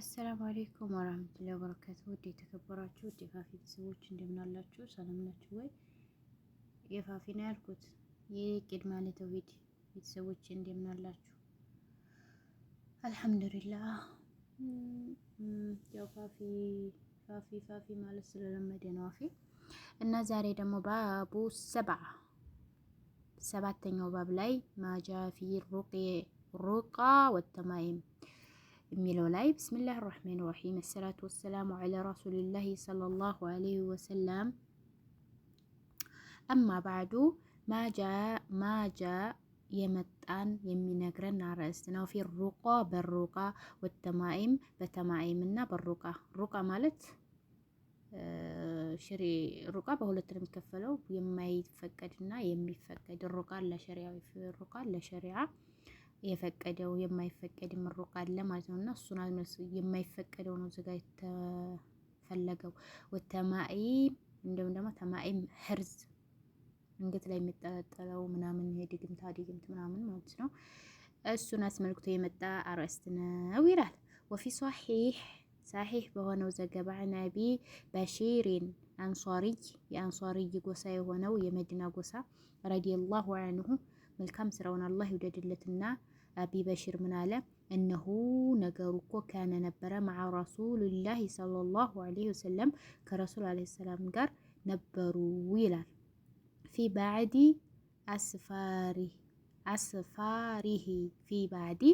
አሰላሙ አሌይኩም ወራህመቱላሂ ወበረካቱ። ውድ የተከበራችሁ ውድ የፋፊ ቤተሰቦች እንደምን አላችሁ? ሰላም ናችሁ ወይ? የፋፊ ነው ያልኩት። ይህ ቅድመ ለተውሂድ ቤተሰቦች እንደምን አላችሁ? አልሐምዱሊላህ። ያው ፋፊ ፋፊ ፋፊ ማለት ስለለመደ ነው አፌ እና ዛሬ ደግሞ ባቡ ሰብዓ ሰባተኛው ባብ ላይ ማጃፊ ሩቃ ወተማይም ميلو لاي بسم الله الرحمن الرحيم الصلاة والسلام على رسول الله صلى الله عليه وسلم أما بعد ما جاء ما جاء يمتان يمنقرن رأسنا وفي الرقى بالرقى والتمائم بتمائمنا بالرقى الرقى مالت آه، شري الرقى بهولة المكفلة يما يتفقدنا يمي يتفقد الرقى لا شريعة في الرقى لا شريعة የፈቀደው የማይፈቀድ ምሩቅ አለ ማለት ነው። እና እሱን የማይፈቀደው ነው እዚጋ የተፈለገው ወተማኢ እንዲሁም ደግሞ ተማኢም ህርዝ እንግት ላይ የሚጠለጠለው ምናምን የድግምታ ድግምት ምናምን ማለት ነው። እሱን አስመልክቶ የመጣ አርእስት ነው ይላል። ወፊ ሷሒሕ ሳሒሕ በሆነው ዘገባ ነቢ በሺሪን አንሷሪይ የአንሷሪይ ጎሳ የሆነው የመዲና ጎሳ ረዲየላሁ አንሁ መልካም ስራውን አላህ ይውደድለትና አቢ በሽር ምን አለ? እነሁ ነገሩ እኮ ካነ ነበረ መዓ ረሱሉላሂ ሰለላሁ ዐለይሂ ወሰለም ከረሱል ዐለይሂ ሰላም ጋር ነበሩ ይላል። ፊ ባዕዲ አስፋሪሂ ፊ ባዕዲ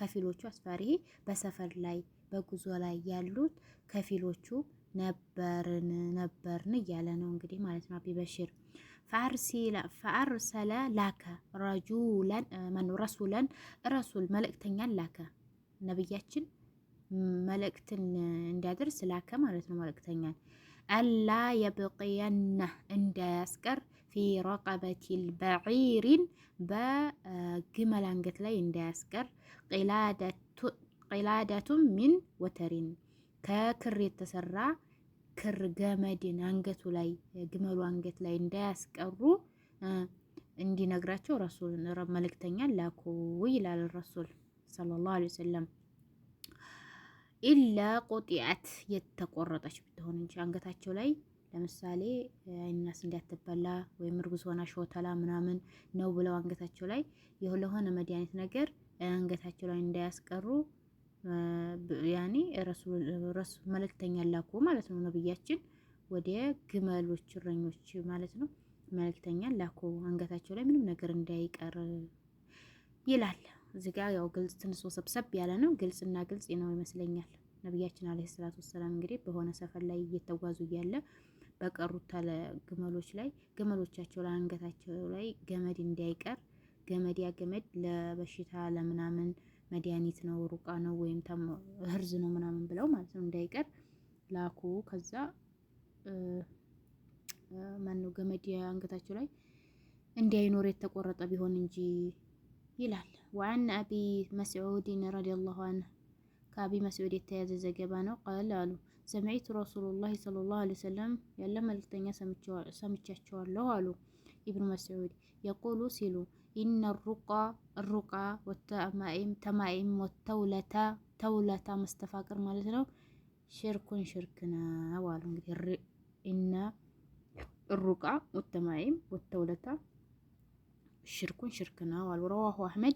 ከፊሎቹ አስፋሪሂ በሰፈር ላይ በጉዞ ላይ ያሉት ከፊሎቹ ነበርን ነበርን እያለ ነው እንግዲህ ማለት ነው አቢ በሽር ፈአርሰለ ላከ ረጁለን ማን ረሱለን ረሱል መልእክተኛን ላከ። ነብያችን መልእክትን እንዲያደርስ ላከ ማለት ነው። መልእክተኛን አላ የብቅየና እንዳያስቀር ፊ ረቀበቲል በዒሪን በግመል አንገት ላይ እንዳያስቀር ቂላደቱም ሚን ወተሪን ከክር የተሰራ ክር ገመድን አንገቱ ላይ ግመሉ አንገት ላይ እንዳያስቀሩ እንዲነግራቸው ረሱል መልእክተኛ ላኩ ይላል ረሱል ሰለላሁ ዐለይሂ ወሰለም። ኢላ ቁጢአት የተቆረጠች ብትሆን እንጂ አንገታቸው ላይ ለምሳሌ አይናስ እንዳትበላ ወይም እርጉዝ ሆና ሾተላ ምናምን ነው ብለው አንገታቸው ላይ የሆነ መድኃኒት ነገር አንገታቸው ላይ እንዳያስቀሩ ያኔ ረሱ መልእክተኛ ላኩ ማለት ነው። ነብያችን ወደ ግመሎች እረኞች ማለት ነው መልእክተኛ ላኩ አንገታቸው ላይ ምንም ነገር እንዳይቀር ይላል። እዚህ ጋር ያው ግልጽ ትንሽ ሰብሰብ ያለ ነው። ግልጽና ግልጽ ነው ይመስለኛል። ነቢያችን አለይሂ ሰላቱ ወሰላም እንግዲህ በሆነ ሰፈር ላይ እየተጓዙ እያለ በቀሩት ታለ ግመሎች ላይ ግመሎቻቸው ላይ አንገታቸው ላይ ገመድ እንዳይቀር ገመድ ያ ገመድ ለበሽታ ለምናምን መድኃኒት ነው ሩቃ ነው ወይም ህርዝ ነው ምናምን ብለው ማለት ነው እንዳይቀር ላኩ። ከዛ ማነው ገመድ አንገታቸው ላይ እንዳይኖር የተቆረጠ ቢሆን እንጂ ይላል። ወአን አቢ መስዑድን ረዲየላሁ አንሁ ከአቢ መስዑድ የተያዘ ዘገባ ነው። ቃል አሉ ሰሚዕቱ ረሱሉላሂ ሰለላሁ ዐለይሂ ወሰለም ያለ መልእክተኛ ሰምቻቸዋለሁ አሉ ኢብኑ መስዑድ የቁሉ ሲሉ إن الرقى الرقى والتمائم تمائم والتولة تولة مستفاقر مالتنا شرك شركنا والون إن الرقى والتمائم والتولة شرك شركنا والرواه أحمد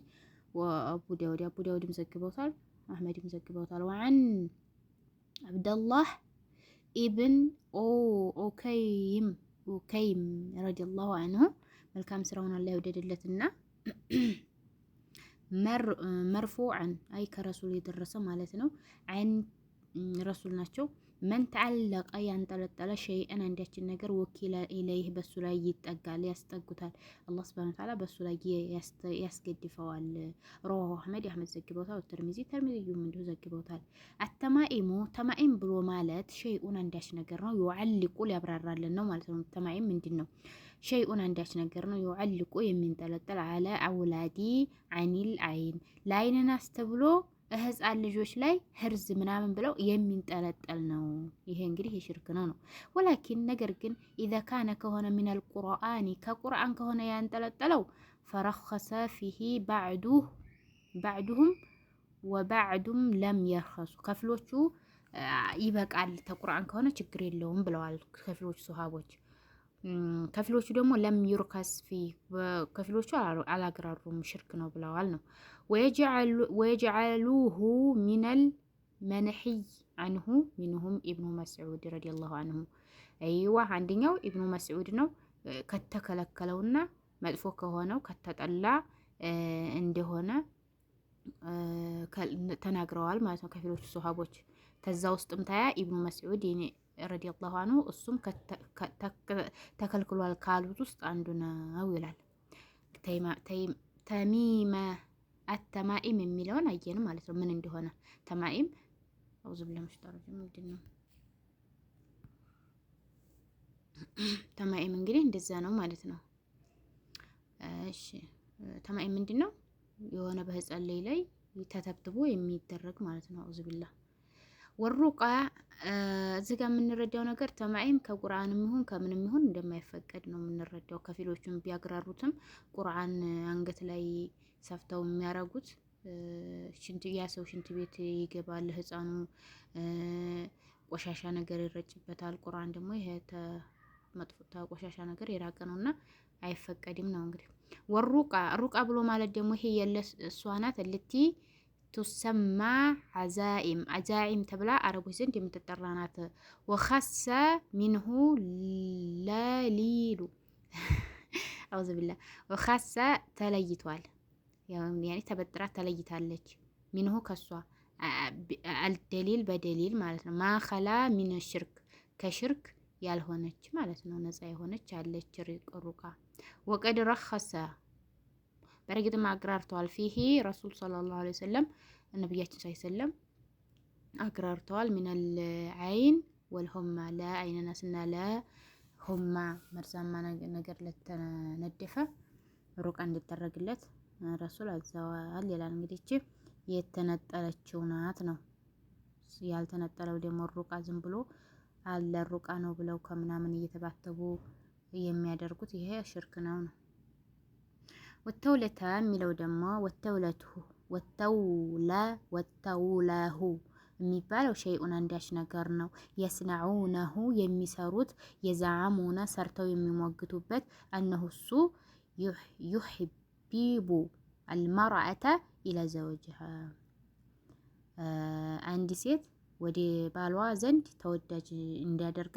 وأبو داود أبو داود مزكي بوصل أحمد مزكي بوصل وعن عبد الله ابن أو أوكيم أوكيم رضي الله عنه መልካም ስራውን አላህ ይውደድለትና መርፎዐን አይ ከረሱል የደረሰ ማለት ነው። አይን ረሱል ናቸው። መን ተዓለቀ ያንጠለጠለ ሸይአን አንዳችን ነገር ወኪላ ኢለይህ በሱ ላይ ይጠጋል ያስጠጉታል። አላህ ስብሃነ ወተዓላ በሱ ላይ ያስገድፈዋል። ረዋሁ አሕመድ አሕመድ ዘግበውታል። ተርሚዚ ተርሚዚዩም እንዲሁ ዘግበውታል። አተማኢሙ ተማኢም ብሎ ማለት ሸይኡን አንዳች ነገር ነው። ዩዓልቁ ሊያብራራልን ነው ማለት ነው። ተማኢም ምንድን ነው? ሸይኡን አንዳች ነገር ነው። ዩዓልቁ የሚንጠለጠል አለ አውላዲ አኒል አይን ለአይንናስ ተብሎ ህፃን ልጆች ላይ ህርዝ ምናምን ብለው የሚንጠለጠል ነው። ይሄ እንግዲህ የሽርክ ነው ነው ወላኪን ነገር ግን ኢዛ ከሆነ ሚናል ቁርአኒ ከቁርአን ከሆነ ያንጠለጠለው ፈረኸሰ ፊሂ ባዕዱሁም ወባዕዱም ለም የርኸሱ ከፍሎቹ ይበቃል። ተቁርአን ከሆነ ችግር የለውም ብለዋል ከፍሎቹ ሶሃቦች ከፊሎቹ ደግሞ ለም ዩርከስ ፊ ከፊሎቹ አላግራሩም ሽርክ ነው ብለዋል ነው ወየጅዓሉሁ ሚነል መንሕይ አንሁ ሚንሁም ኢብኑ መስዑድ ረዲየላሁ አንሁ። አይዋ አንደኛው ኢብኑ መስዑድ ነው ከተከለከለውና መጥፎ ከሆነው ከተጠላ እንደሆነ ተናግረዋል ማለት ነው። ከፊሎቹ ሰሃቦች ተዛ ውስጥም ታያ ኢብኑ መስዑድ ረዲየላሁ አንሁ እሱም ተከልክሏል ካሉት ውስጥ አንዱ ነው ይላል። ተሚመ አተማኢም የሚለውን አየን ማለት ነው ምን እንደሆነ ተማኢም አውዝ ብለ መሽጠረ ምንድን ነው ተማኢም? እንግዲህ እንደዛ ነው ማለት ነው። እሺ ተማኢም ምንድን ነው? የሆነ በህጸለይ ላይ ተተብትቦ የሚደረግ ማለት ነው። አውዝ ብላ ወሩቃ እዚህ ጋር የምንረዳው ነገር ተማዒም ከቁርአን ይሁን ከምንም ይሁን እንደማይፈቀድ ነው የምንረዳው። ከፊሎቹም ቢያግራሩትም ቁርአን አንገት ላይ ሰፍተው የሚያረጉት ሽንት ያ ሰው ሽንት ቤት ይገባል፣ ህፃኑ ቆሻሻ ነገር ይረጭበታል። ቁርአን ደግሞ ይሄ መጥፎ ቆሻሻ ነገር የራቀ ነውና አይፈቀድም ነው እንግዲህ ወሩቃ ሩቃ ብሎ ማለት ደግሞ ይሄ የለ እሷ ናት ልቲ ቱሰማ አዛኢም አዛኢም ተብላ አረቦች ዘንድ የምትጠራ ናት። ወኸሰ ሚንሁ ለሊሉ አውዝ ብላ ወኸሰ ተለይቷል። ያኔ ተበጥራ ተለይታለች። ሚንሁ ከሷ አልደሊል በደሊል ማለት ነው። ማኸላ ሚን ሽርክ ከሽርክ ያልሆነች ማለት ነው። ነፃ የሆነች አለች ሩቃ ወቀድ ረኸሰ በእርግጥም አግራርተዋል። ፊሄ ረሱል ሰለላሁ ዐለይሂ ወሰለም ነቢያችን ሳይሰለም አግራርተዋል። ሚነል አይን ወልሆማ ለአይነናስና ለሆማ መርዛማ ነገር ለተነደፈ ሩቃ እንዲደረግለት ረሱል አዘዋል ይላል። እንግዲህ የተነጠለችው ናት ነው። ያልተነጠለው ደግሞ ሩቃ ዝም ብሎ አለ ሩቃ ነው ብለው ከምናምን እየተባተቡ የሚያደርጉት ይሄ ሽርክ ነው ነው ወተውለታ የሚለው ደግሞ ወተውለቱ ወተውለ ወተውለሁ የሚባለው ሸይኡን አንዳች ነገር ነው። የስነዑነሁ የሚሰሩት የዛዓሙነ ሰርተው የሚሞግቱበት እነሁ እሱ ዩሕቢቡ አልመርአተ ኢለ ዘወጅሃ አንድ ሴት ወደ ባሏ ዘንድ ተወዳጅ እንዲያደርጋ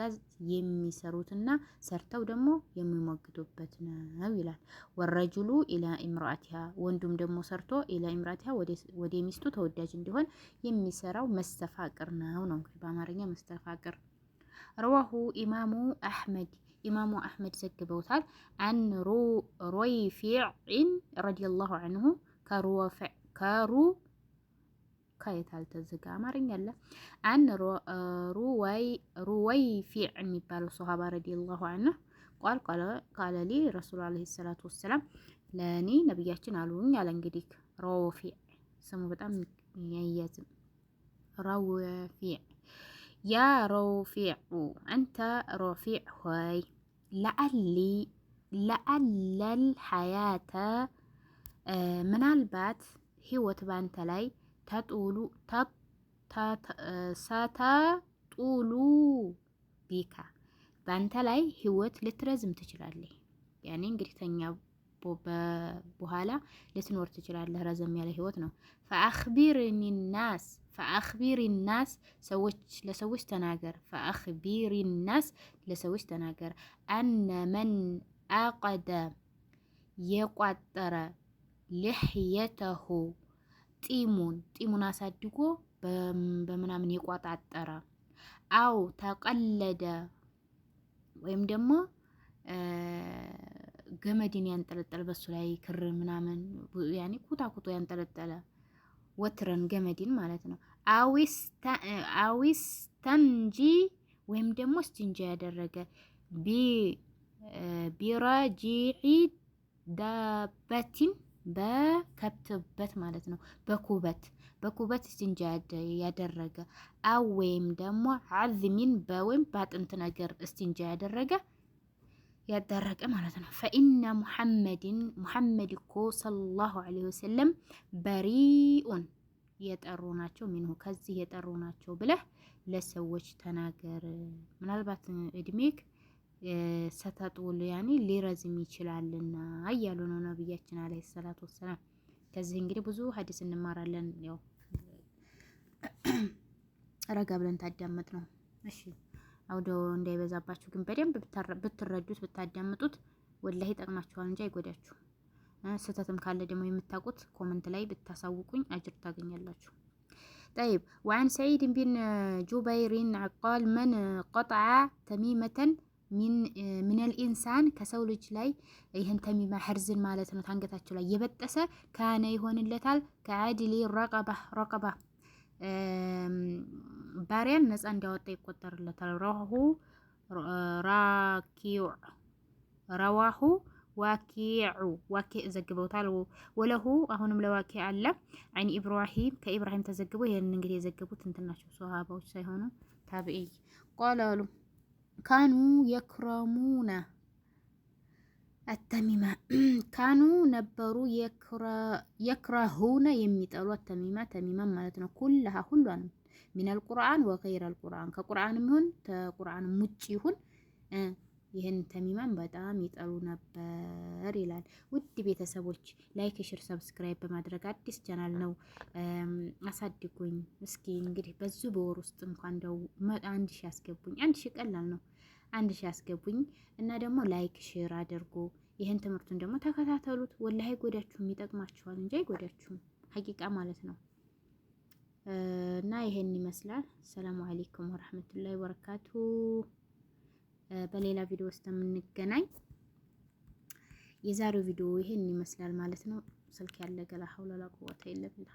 የሚሰሩትና ሰርተው ደግሞ የሚሞግዱበት ነው ይላል። ወረጅሉ ኢላ ኢምራቲሃ ወንዱም ደግሞ ሰርቶ ኢላ ኢምራቲሃ ወደ ሚስቱ ተወዳጅ እንዲሆን የሚሰራው መስተፋቅር ነው ነው እንግዲህ በአማርኛ መስተፋቅር። ረዋሁ ኢማሙ አሕመድ ኢማሙ አሕመድ ዘግበውታል። አን ሮይፊዕን ረዲየላሁ አንሁ ከሩ ከየት አልተዝጋ አማርኛ አለ አን ሩወይ ሩወይ ፊዕ የሚባለው ሶሃባ ረዲየላሁ ዐንሁ ቃል ቃለ ሊ ረሱል አለይሂ ሰላቱ ወሰላም ለእኔ ነብያችን አሉኝ አለ። እንግዲህ ሮፊዕ ስሙ በጣም የሚያያዝም ሮፊዕ ያ ሮፊዑ አንተ ሮፊዕ ሆይ ለአሊ ለአለል ሀያተ ምናልባት ህይወት ባንተ ላይ ተጡሉ ሰተጡሉ ቢካ በአንተ ላይ ህይወት ልትረዝም ትችላለህ። ያኔ እንግዲህ ተኛ በኋላ ልትኖር ትችላለህ። ረዘም ያለ ህይወት ነው። ፈአኽቢርኒ ናስ ፈአኽቢሪ ናስ ሰዎች ለሰዎች ተናገር። ፈአኽቢሪ ናስ ለሰዎች ተናገር። አነ መን አቀደ የቋጠረ ልሕየተሁ ጢሙን ጢሙን አሳድጎ በምናምን የቆጣጠረ አው ተቀለደ ወይም ደግሞ ገመድን ያንጠለጠለ በሱ ላይ ክር ምናምን ያኔ ኩታ ኩቶ ያንጠለጠለ ወትረን ገመድን ማለት ነው። አዊስ ተንጂ ወይም ደግሞ ስትንጂ ያደረገ ቢረጂዒ ዳበቲን በከብትበት ማለት ነው። በኩበት በኩበት እስቲንጃ ያደረገ አው ወይም ደግሞ አዝሚን በወይም በአጥንት ነገር እስቲንጃ ያደረገ ያደረገ ማለት ነው። ፈኢነ ሙሐመድን ሙሐመድ እኮ ሰለላሁ ዐለይሂ ወሰለም በሪኡን የጠሩ ናቸው ሚንሁ ከዚህ የጠሩ ናቸው ብለህ ለሰዎች ተናገር። ምናልባት እድሜክ ሰተጡል ያኔ ሊረዝም ይችላልና እያሉ ነው ነብያችን አለይሂ ሰላቱ ወሰላም። ከዚህ እንግዲህ ብዙ ሀዲስ እንማራለን። ያው ረጋ ብለን ታዳመጥ ነው። እሺ አውዶ እንዳይበዛባችሁ ግን በደንብ ብትረዱት ብታዳምጡት ወላሂ ይጠቅማችኋል እንጂ አይጎዳችሁ ስህተትም ካለ ደግሞ የምታውቁት ኮመንት ላይ ብታሳውቁኝ አጅር ታገኛላችሁ። طيب وعن سعيد بن جبير قال من قطع تميمة ሚነል ኢንሳን ከሰው ልጅ ላይ ይህን ተሚማ ሐርዝን ማለት ነው። ታንገታቸው ላይ የበጠሰ ካነ ይሆንለታል። ከአድሊ ረቀባ ረቀባ ባሪያን ነፃ እንዲያወጣ ይቆጠርለታል። ረሁ ራኪዑ ረዋሁ ዋኪዑ ዋኪዕ ዘግበውታል። ወለሁ አሁንም ለዋኪዕ አለ አይን ኢብራሂም ከኢብራሂም ተዘግበው ይህን እንግዲህ የዘገቡት እንትናቸው ሶሃባዎች ሳይሆኑ ታብዒይ ቆለሉ ካኑ የክረሙነ አተሚማ ካኑ ነበሩ የክረሁነ የሚጠሉ አተሚማ ተሚማን ማለት ነው። ኩልሃ ሁሏንም ሚነል ቁርአን ወገይረል ቁርአን ከቁርአንም ይሁን ከቁርአንም ውጭ ይሁን ይህን ተሚማን በጣም ይጠሉ ነበር ይላል። ውድ ቤተሰቦች ላይክ፣ ሽር፣ ሰብስክራይብ በማድረግ አዲስ ቻናል ነው አሳድጉኝ። እስኪ እንግዲህ በዙ በወር ውስጥ እንኳን ደው አንድ ሺ አስገቡኝ። አንድ ሺ ቀላል ነው። አንድ ሺ አስገቡኝ እና ደግሞ ላይክ ሽር አድርጎ ይህን ትምህርቱን ደግሞ ተከታተሉት። ወላሂ ጎዳችሁም ይጠቅማችኋል እንጂ አይጎዳችሁም። ሀቂቃ ማለት ነው። እና ይሄን ይመስላል። ሰላሙ አሌይኩም ወረህመቱላሂ ወበረካቱ በሌላ ቪዲዮ ውስጥ የምንገናኝ። የዛሬው ቪዲዮ ይሄን ይመስላል ማለት ነው። ስልክ ያለ ገላ ሀውላላ ቁወታ የለም ብላ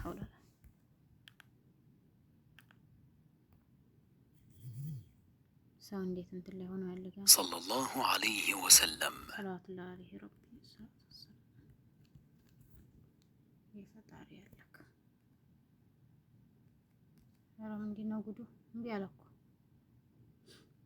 ሀውላላ ሰው እንዴት እንትን ላይ ሆኖ ያለ ገና ሰለላሁ ዐለይሂ ወሰለም ሰላቱ ዐለይሂ ረቢ ሰላቱ ሰላም የፈጣሪ ያለ ኧረ ምንድን ነው ጉዱ? እምቢ አለው።